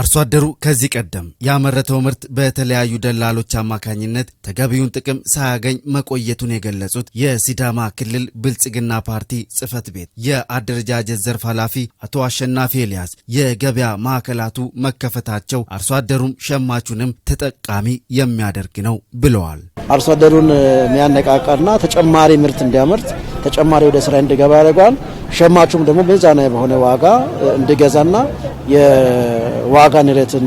አርሶ አደሩ ከዚህ ቀደም ያመረተው ምርት በተለያዩ ደላሎች አማካኝነት ተገቢውን ጥቅም ሳያገኝ መቆየቱን የገለጹት የሲዳማ ክልል ብልጽግና ፓርቲ ጽህፈት ቤት የአደረጃጀት ዘርፍ ኃላፊ አቶ አሸናፊ ኤልያስ የገበያ ማዕከላቱ መከፈታቸው አርሶ አደሩም ሸማቹንም ተጠቃሚ የሚያደርግ ነው ብለዋል። አርሶ አደሩን የሚያነቃቃና ተጨማሪ ምርት እንዲያመርት ተጨማሪ ወደ ስራ እንዲገባ ያደርገዋል። ሸማቹም ደግሞ ሚዛናዊ በሆነ ዋጋ እንዲገዛና ዋጋ ንረትን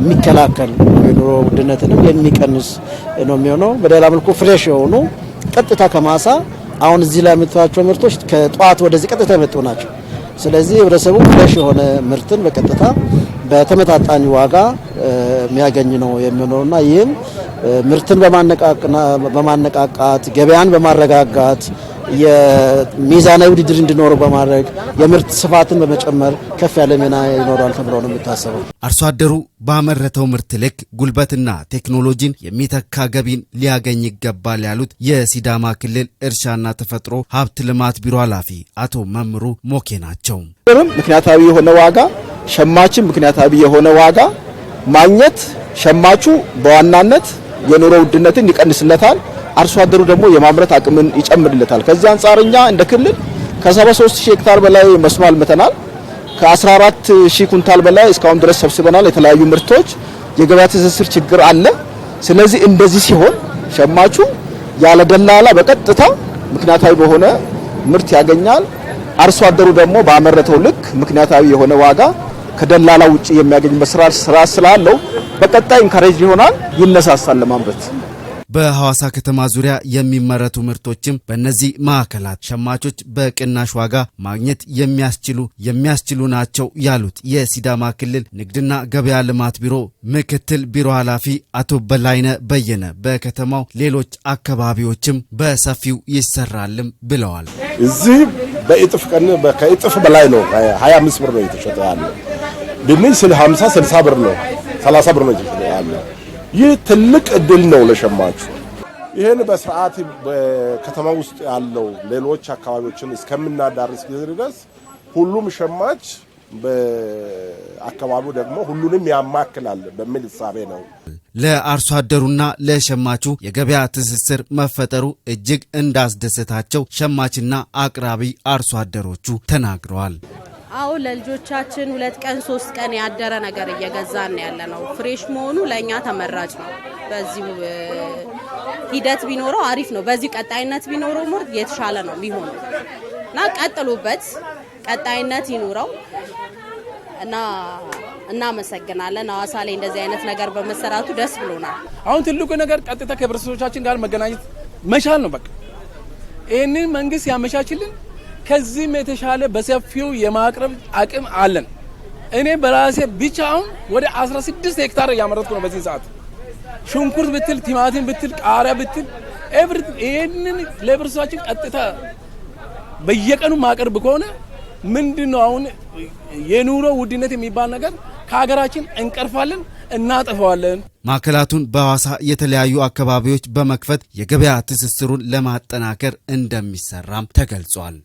የሚከላከል የኑሮ ውድነትንም የሚቀንስ ነው የሚሆነው። በሌላ መልኩ ፍሬሽ የሆኑ ቀጥታ ከማሳ አሁን እዚህ ላይ የምታዩቸው ምርቶች ከጠዋት ወደዚህ ቀጥታ የመጡ ናቸው። ስለዚህ ህብረተሰቡ ፍሬሽ የሆነ ምርትን በቀጥታ በተመጣጣኝ ዋጋ የሚያገኝ ነው የሚሆነው የሚሆነውና ይህም ምርትን በማነቃቃት ገበያን በማረጋጋት የሚዛናዊ ውድድር እንዲኖረው በማድረግ የምርት ስፋትን በመጨመር ከፍ ያለ ሚና ይኖረዋል ተብሎ ነው የሚታሰበው። አርሶ አደሩ ባመረተው ምርት ልክ ጉልበትና ቴክኖሎጂን የሚተካ ገቢን ሊያገኝ ይገባል ያሉት የሲዳማ ክልል እርሻና ተፈጥሮ ሀብት ልማት ቢሮ ኃላፊ አቶ መምሩ ሞኬ ናቸው። ምክንያታዊ የሆነ ዋጋ ሸማችን ምክንያታዊ የሆነ ዋጋ ማግኘት ሸማቹ በዋናነት የኑሮ ውድነትን ይቀንስለታል። አርሶ አደሩ ደግሞ የማምረት አቅምን ይጨምርለታል። ከዚህ አንጻር እኛ እንደ ክልል ከ73000 ሄክታር በላይ መስኖ አልምተናል። ከ14000 ኩንታል በላይ እስካሁን ድረስ ሰብስበናል። የተለያዩ ምርቶች የገበያ ትስስር ችግር አለ። ስለዚህ እንደዚህ ሲሆን ሸማቹ ያለ ደላላ በቀጥታ ምክንያታዊ በሆነ ምርት ያገኛል። አርሶ አደሩ ደግሞ ባመረተው ልክ ምክንያታዊ የሆነ ዋጋ ከደላላ ውጪ መስራት ስራ ስላለው በቀጣይ ኢንካሬጅ ይሆናል፣ ይነሳሳል ለማምረት በሐዋሳ ከተማ ዙሪያ የሚመረቱ ምርቶችም በእነዚህ ማዕከላት ሸማቾች በቅናሽ ዋጋ ማግኘት የሚያስችሉ የሚያስችሉ ናቸው ያሉት የሲዳማ ክልል ንግድና ገበያ ልማት ቢሮ ምክትል ቢሮ ኃላፊ አቶ በላይነ በየነ በከተማው ሌሎች አካባቢዎችም በሰፊው ይሰራልም ብለዋል። እዚህ በእጥፍ ቀን ከእጥፍ በላይ ነው። 25 ብር ነው የተሸጠ ያለ ድንች ስለ 50 60 ብር ነው 30 ብር ነው የተሸጠ ያለ ይህ ትልቅ እድል ነው ለሸማቹ። ይህን በስርዓት በከተማ ውስጥ ያለው ሌሎች አካባቢዎችን እስከምናዳርስ ጊዜ ድረስ ሁሉም ሸማች በአካባቢው ደግሞ ሁሉንም ያማክላል በሚል እሳቤ ነው። ለአርሶ አደሩና ለሸማቹ የገበያ ትስስር መፈጠሩ እጅግ እንዳስደሰታቸው ሸማችና አቅራቢ አርሶ አደሮቹ ተናግረዋል። አዎ ለልጆቻችን ሁለት ቀን ሶስት ቀን ያደረ ነገር እየገዛን ያለ ነው። ፍሬሽ መሆኑ ለእኛ ተመራጭ ነው። በዚሁ ሂደት ቢኖረው አሪፍ ነው። በዚህ ቀጣይነት ቢኖረው ሞር የተሻለ ነው የሚሆነው እና ቀጥሉበት፣ ቀጣይነት ይኑረው እና እናመሰግናለን። ሐዋሳ ላይ እንደዚህ አይነት ነገር በመሰራቱ ደስ ብሎናል። አሁን ትልቁ ነገር ቀጥታ ከህብረተሰቦቻችን ጋር መገናኘት መቻል ነው። በቃ ይህንን መንግስት ያመቻችልን ከዚህም የተሻለ በሰፊው የማቅረብ አቅም አለን። እኔ በራሴ ብቻውን ወደ 16 ሄክታር እያመረትኩ ነው በዚህ ሰዓት። ሽንኩርት ብትል፣ ቲማቲም ብትል፣ ቃሪያ ብትል ኤቭሪ ይህንን ለብርሳችን ቀጥታ በየቀኑ ማቅረብ ከሆነ ምንድን ነው አሁን የኑሮ ውድነት የሚባል ነገር ከሀገራችን እንቀርፋለን፣ እናጠፋዋለን። ማዕከላቱን በሐዋሳ የተለያዩ አካባቢዎች በመክፈት የገበያ ትስስሩን ለማጠናከር እንደሚሰራም ተገልጿል።